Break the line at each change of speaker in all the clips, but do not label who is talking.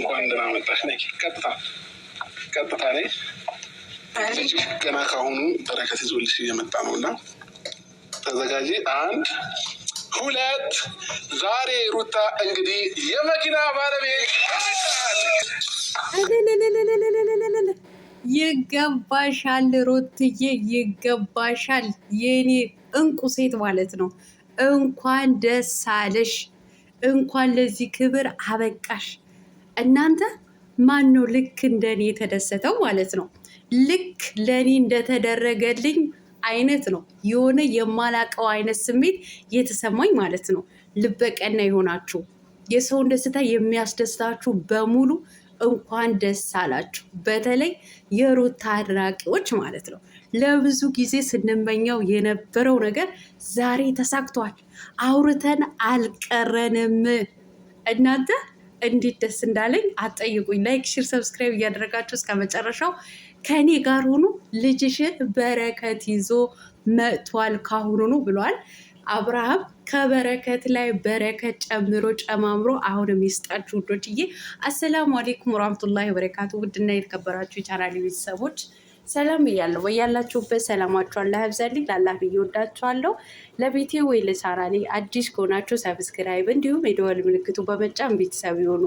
እንኳን ደህና መጣሽ። ነይ ቀጥታ ቀጥታ ነይ። ልጅ ገና ካሁኑ በረከት ይዞልሽ እየመጣ ነው እና ተዘጋጂ። አንድ ሁለት። ዛሬ ሩታ እንግዲህ የመኪና ባለቤት
ይገባሻል፣ ሩትዬ ይገባሻል። የኔ እንቁ ሴት ማለት ነው። እንኳን ደስ አለሽ፣ እንኳን ለዚህ ክብር አበቃሽ። እናንተ ማን ነው ልክ እንደኔ የተደሰተው ማለት ነው? ልክ ለእኔ እንደተደረገልኝ አይነት ነው የሆነ የማላቀው አይነት ስሜት የተሰማኝ ማለት ነው። ልበቀና የሆናችሁ የሰውን ደስታ የሚያስደስታችሁ በሙሉ እንኳን ደስ አላችሁ። በተለይ የሩታ አድናቂዎች ማለት ነው። ለብዙ ጊዜ ስንመኘው የነበረው ነገር ዛሬ ተሳክቷል። አውርተን አልቀረንም እናንተ እንዴት ደስ እንዳለኝ አጠይቁኝ። ላይክ፣ ሽር፣ ሰብስክራይብ እያደረጋችሁ እስከ መጨረሻው ከእኔ ጋር ሆኑ። ልጅሽን በረከት ይዞ መጥቷል ካሁኑኑ ብሏል አብርሃም። ከበረከት ላይ በረከት ጨምሮ ጨማምሮ አሁንም ይስጣችሁ ውዶችዬ። አሰላሙ አሌይኩም ወራህመቱላሂ ወበረካቱ። ውድና የተከበራችሁ የቻናሌ ቤተሰቦች ሰላም እያለሁ በያላችሁበት ሰላማችኋን ላህብዛልኝ ላላህ ብዬ ወዳችኋለሁ። ለቤቴ ወይ ለሳራ ላይ አዲስ ከሆናችሁ ሰብስክራይብ፣ እንዲሁም የደወል ምልክቱ በመጫን ቤተሰብ ይሆኑ።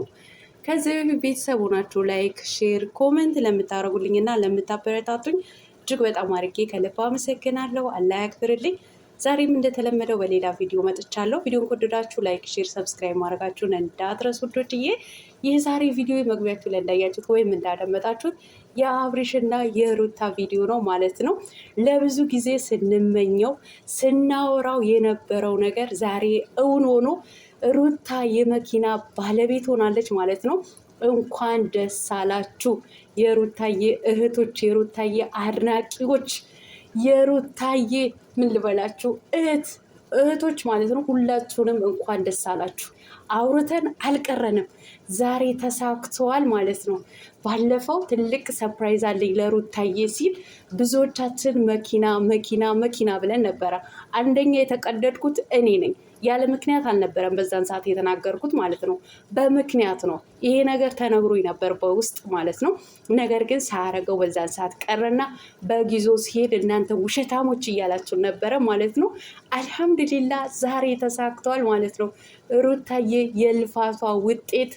ከዚህ በፊት ቤተሰብ ሆናችሁ ላይክ፣ ሼር፣ ኮመንት ለምታደርጉልኝና ለምታበረታቱኝ እጅግ በጣም አድርጌ ከልብ አመሰግናለሁ። አላህ ያክብርልኝ። ዛሬም እንደተለመደው በሌላ ቪዲዮ መጥቻለሁ። ቪዲዮን ከወደዳችሁ ላይክ፣ ሼር፣ ሰብስክራይብ ማድረጋችሁን እንዳትረሱ ውዶችዬ። ይህ ዛሬ ቪዲዮ መግቢያችሁ ላይ እንዳያችሁት ወይም እንዳደመጣችሁት የአብሪሽና የሩታ ቪዲዮ ነው ማለት ነው። ለብዙ ጊዜ ስንመኘው ስናወራው የነበረው ነገር ዛሬ እውን ሆኖ ሩታ የመኪና ባለቤት ሆናለች ማለት ነው። እንኳን ደስ አላችሁ የሩታዬ እህቶች፣ የሩታዬ አድናቂዎች፣ የሩታዬ ምን ልበላችሁ እህት እህቶች ማለት ነው። ሁላችሁንም እንኳን ደስ አላችሁ። አውርተን አልቀረንም፣ ዛሬ ተሳክተዋል ማለት ነው። ባለፈው ትልቅ ሰፕራይዝ አለኝ ለሩታዬ ሲል ብዙዎቻችን መኪና መኪና መኪና ብለን ነበረ። አንደኛ የተቀደድኩት እኔ ነኝ። ያለ ምክንያት አልነበረም በዛን ሰዓት የተናገርኩት ማለት ነው። በምክንያት ነው ይሄ ነገር ተነግሮኝ ነበር በውስጥ ማለት ነው። ነገር ግን ሳያረገው በዛን ሰዓት ቀረና በጊዞ ሲሄድ እናንተ ውሸታሞች እያላችሁ ነበረ ማለት ነው። አልሐምድሊላ ዛሬ ተሳክተዋል ማለት ነው። ሩታዬ የልፋቷ ውጤት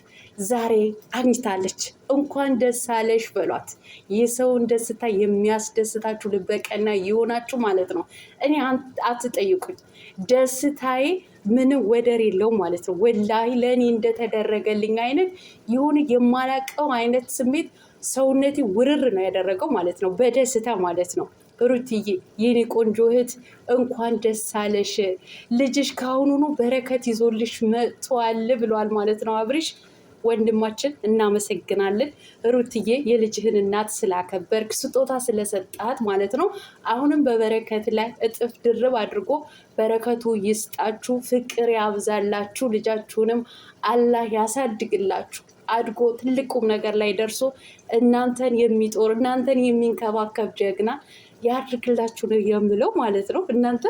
ዛሬ አግኝታለች። እንኳን ደስ አለሽ በሏት። የሰውን ደስታ የሚያስደስታችሁ ልበቀና የሆናችሁ ማለት ነው። እኔ አትጠይቁኝ፣ ደስታዬ ምንም ወደር የለውም ማለት ነው። ወላሂ ለእኔ እንደተደረገልኝ አይነት የሆነ የማላቀው አይነት ስሜት ሰውነቴ ውርር ነው ያደረገው ማለት ነው፣ በደስታ ማለት ነው። ሩትዬ የኔ ቆንጆ እህት እንኳን ደስ አለሽ፣ ልጅሽ ከአሁኑኑ በረከት ይዞልሽ መጥቷል ብሏል ማለት ነው አብሪሽ ወንድማችን እናመሰግናለን። ሩትዬ የልጅህን እናት ስላከበርክ ስጦታ ስለሰጣት ማለት ነው። አሁንም በበረከት ላይ እጥፍ ድርብ አድርጎ በረከቱ ይስጣችሁ፣ ፍቅር ያብዛላችሁ፣ ልጃችሁንም አላህ ያሳድግላችሁ አድጎ ትልቅ ቁም ነገር ላይ ደርሶ እናንተን የሚጦር እናንተን የሚንከባከብ ጀግና ያድርግላችሁ ነው የምለው ማለት ነው። እናንተ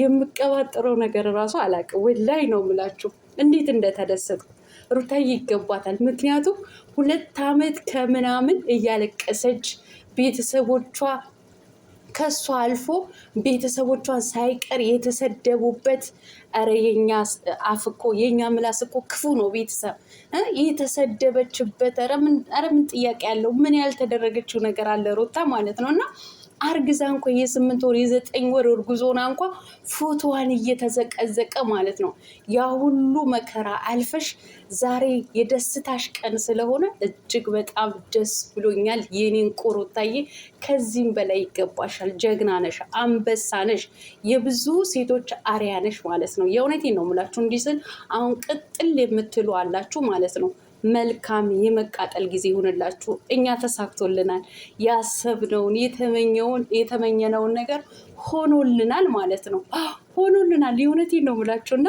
የምቀባጠረው ነገር እራሱ አላውቅም። ወላይ ነው የምላችሁ። እንዴት እንደተደሰትኩ ሩታዬ ይገባታል። ምክንያቱም ሁለት ዓመት ከምናምን እያለቀሰች ቤተሰቦቿ ከሷ አልፎ ቤተሰቦቿን ሳይቀር የተሰደቡበት ኧረ የኛ አፍ እኮ የኛ ምላስ እኮ ክፉ ነው። ቤተሰብ የተሰደበችበት ኧረ ምን ጥያቄ ያለው ምን ያልተደረገችው ነገር አለ ሩታ ማለት ነው እና አርግዛ እንኳ የስምንት ወር የዘጠኝ ወር እርጉዞና እንኳ ፎቶዋን እየተዘቀዘቀ ማለት ነው። ያ ሁሉ መከራ አልፈሽ ዛሬ የደስታሽ ቀን ስለሆነ እጅግ በጣም ደስ ብሎኛል። የኔን ቆሮታዬ ከዚህም በላይ ይገባሻል። ጀግና ነሽ፣ አንበሳ ነሽ፣ የብዙ ሴቶች አርያ ነሽ ማለት ነው። የእውነቴን ነው የምላችሁ። እንዲስል አሁን ቅጥል የምትሉ አላችሁ ማለት ነው። መልካም የመቃጠል ጊዜ ይሁንላችሁ። እኛ ተሳክቶልናል። ያሰብነውን የተመኘውን የተመኘነውን ነገር ሆኖልናል ማለት ነው። ሆኖልናል የእውነቴን ነው የምላችሁ እና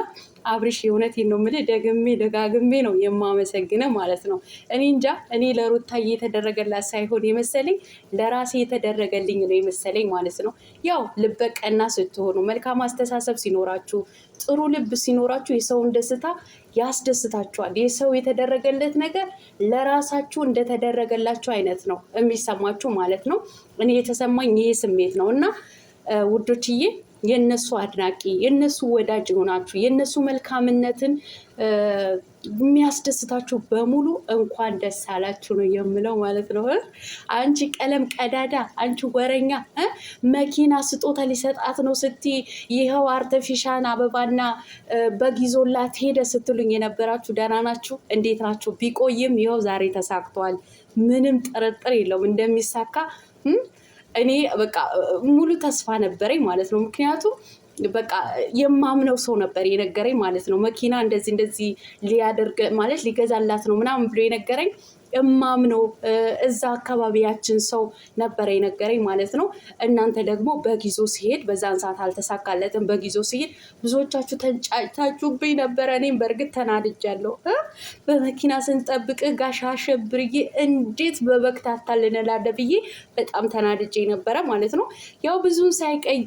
አብርሽ የእውነቴን ነው የምልህ፣ ደግሜ ደጋግሜ ነው የማመሰግንህ ማለት ነው። እኔ እንጃ እኔ ለሩታዬ የተደረገላት ሳይሆን የመሰለኝ ለራሴ የተደረገልኝ ነው የመሰለኝ ማለት ነው። ያው ልበቀና ስትሆኑ፣ መልካም አስተሳሰብ ሲኖራችሁ፣ ጥሩ ልብ ሲኖራችሁ የሰውን ደስታ ያስደስታችኋል። የሰው የተደረገለት ነገር ለራሳችሁ እንደተደረገላችሁ አይነት ነው የሚሰማችሁ ማለት ነው። እኔ የተሰማኝ ይሄ ስሜት ነው እና ውዶችዬ የነሱ አድናቂ የነሱ ወዳጅ የሆናችሁ የነሱ መልካምነትን የሚያስደስታችሁ በሙሉ እንኳን ደስ አላችሁ ነው የምለው ማለት ነው። አንቺ ቀለም ቀዳዳ፣ አንቺ ወረኛ፣ መኪና ስጦታ ሊሰጣት ነው ስቲ ይኸው አርተፊሻን አበባና በጊዞላት ሄደ ስትሉኝ የነበራችሁ ደህና ናችሁ? እንዴት ናችሁ? ቢቆይም ይኸው ዛሬ ተሳክተዋል። ምንም ጥርጥር የለውም እንደሚሳካ እኔ በቃ ሙሉ ተስፋ ነበረኝ ማለት ነው። ምክንያቱም በቃ የማምነው ሰው ነበር የነገረኝ ማለት ነው። መኪና እንደዚህ እንደዚህ ሊያደርግ ማለት ሊገዛላት ነው ምናምን ብሎ የነገረኝ እማምነው እዛ አካባቢያችን ሰው ነበረ የነገረኝ ማለት ነው። እናንተ ደግሞ በጊዞ ሲሄድ በዛን ሰዓት አልተሳካለትም። በጊዞ ሲሄድ ብዙዎቻችሁ ተንጫጭታችሁብኝ ነበረ። እኔም በእርግጥ ተናድጃለሁ። በመኪና ስንጠብቅ ጋሻ አሸብርዬ እንዴት በበግ ታታልንላለ ብዬ በጣም ተናድጄ ነበረ ማለት ነው። ያው ብዙን ሳይቀይ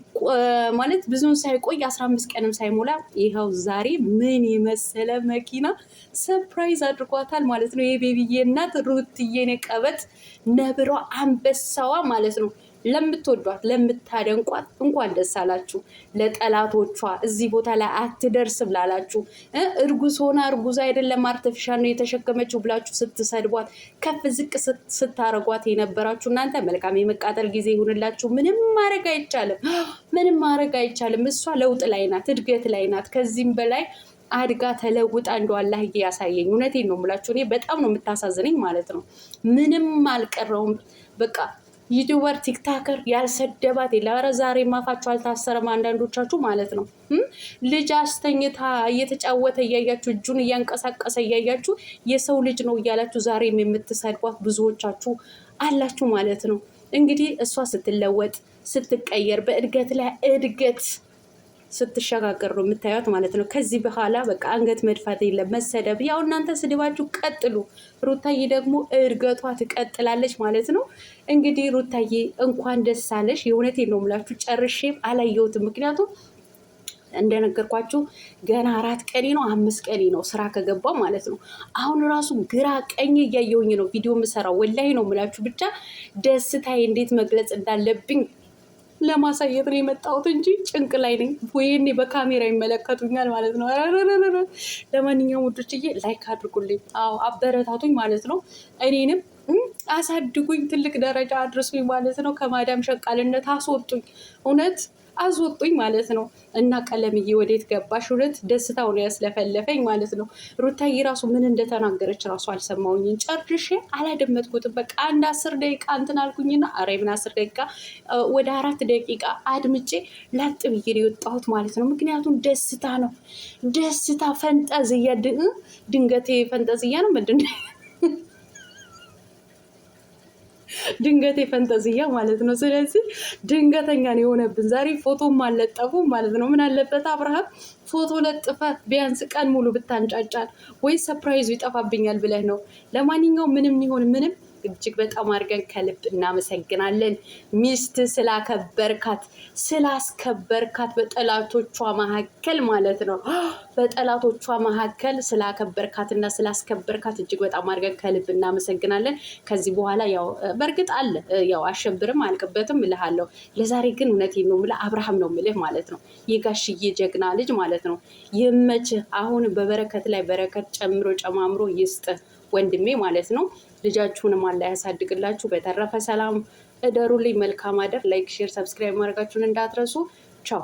ማለት ብዙን ሳይቆይ አስራ አምስት ቀንም ሳይሞላ ይኸው ዛሬ ምን የመሰለ መኪና ሰርፕራይዝ አድርጓታል ማለት ነው የቤቢዬ እናት ማለት ሩትዬ፣ የኔ ቀበጥ ነብሯ፣ አንበሳዋ ማለት ነው። ለምትወዷት ለምታደንቋት እንኳን ደስ አላችሁ። ለጠላቶቿ እዚህ ቦታ ላይ አትደርስም ላላችሁ እርጉዝ ሆና እርጉዝ አይደለም አርተፊሻል ነው የተሸከመችው ብላችሁ ስትሰድቧት፣ ከፍ ዝቅ ስታረጓት የነበራችሁ እናንተ መልካም የመቃጠል ጊዜ ይሁንላችሁ። ምንም ማድረግ አይቻልም። ምንም ማድረግ አይቻልም። እሷ ለውጥ ላይ ናት፣ እድገት ላይ ናት። ከዚህም በላይ አድጋ ተለውጣ እንደው አላህ ያሳየኝ። እውነቴን ነው የምላችሁ፣ እኔ በጣም ነው የምታሳዝነኝ ማለት ነው። ምንም አልቀረውም በቃ ዩቲዩበር ቲክታከር ያልሰደባት የለ። ኧረ ዛሬ ማፋችሁ አልታሰረም፣ አንዳንዶቻችሁ ማለት ነው። ልጅ አስተኝታ እየተጫወተ እያያችሁ እጁን እያንቀሳቀሰ እያያችሁ የሰው ልጅ ነው እያላችሁ ዛሬም የምትሰድቧት ብዙዎቻችሁ አላችሁ ማለት ነው። እንግዲህ እሷ ስትለወጥ ስትቀየር፣ በእድገት ላይ እድገት ስትሸጋገር ነው የምታዩት ማለት ነው። ከዚህ በኋላ በቃ አንገት መድፋት የለም መሰደብ። ያው እናንተ ስድባችሁ ቀጥሉ። ሩታዬ ደግሞ እድገቷ ትቀጥላለች ማለት ነው። እንግዲህ ሩታዬ እንኳን ደስ አለሽ። የእውነቴን ነው የምላችሁ። ጨርሼም አላየሁትም ምክንያቱም እንደነገርኳችሁ ገና አራት ቀኔ ነው አምስት ቀኔ ነው ስራ ከገባ ማለት ነው። አሁን ራሱ ግራ ቀኝ እያየውኝ ነው ቪዲዮ የምሰራው ወላይ ነው የምላችሁ። ብቻ ደስታዬ እንዴት መግለጽ እንዳለብኝ ለማሳየት ነው የመጣሁት እንጂ ጭንቅ ላይ ነኝ። ወይኔ በካሜራ ይመለከቱኛል ማለት ነው። ለማንኛውም ውዶችዬ ላይክ አድርጉልኝ፣ አዎ አበረታቱኝ ማለት ነው። እኔንም አሳድጉኝ፣ ትልቅ ደረጃ አድርሱኝ ማለት ነው። ከማዳም ሸቃልነት አስወጡኝ እውነት አስወጡኝ ማለት ነው። እና ቀለምዬ ወዴት ገባሽ? እውነት ደስታው ነው ያስለፈለፈኝ ማለት ነው። ሩታዬ ራሱ ምን እንደተናገረች ራሱ አልሰማውኝ ጨርሼ አላደመጥኩትም። በቃ አንድ አስር ደቂቃ እንትን አልኩኝና ኧረ ምን አስር ደቂቃ ወደ አራት ደቂቃ አድምጬ ላጥ ብዬ የወጣሁት ማለት ነው። ምክንያቱም ደስታ ነው ደስታ ፈንጠዝያ ድንገቴ ፈንጠዝያ ነው ምንድን ነው ድንገቴ ፈንጠዝያ ማለት ነው። ስለዚህ ነው የሆነብን ዛሬ ፎቶም አለጠፉ ማለት ነው። ምን አለበት አብርሃም ፎቶ ለጥፈ ቢያንስ ቀን ሙሉ ብታንጫጫን ወይ ሰፕራይዙ ይጠፋብኛል ብለህ ነው። ለማንኛውም ምንም ይሆን ምንም እጅግ በጣም አድርገን ከልብ እናመሰግናለን። ሚስት ስላከበርካት ስላስከበርካት፣ በጠላቶቿ መካከል ማለት ነው፣ በጠላቶቿ መካከል ስላከበርካት እና ስላስከበርካት እጅግ በጣም አድርገን ከልብ እናመሰግናለን። ከዚህ በኋላ ያው በእርግጥ አለ ያው አሸብርም አልቅበትም እልሃለሁ። ለዛሬ ግን እውነቴን ነው የምልህ አብርሃም ነው የምልህ ማለት ነው የጋሽዬ ጀግና ልጅ ማለት ነው። ይመችህ። አሁን በበረከት ላይ በረከት ጨምሮ ጨማምሮ ይስጥ ወንድሜ ማለት ነው። ልጃችሁንም አላህ ያሳድግላችሁ። በተረፈ ሰላም እደሩልኝ። መልካም አደር። ላይክ፣ ሼር፣ ሰብስክራይብ ማድረጋችሁን እንዳትረሱ። ቻው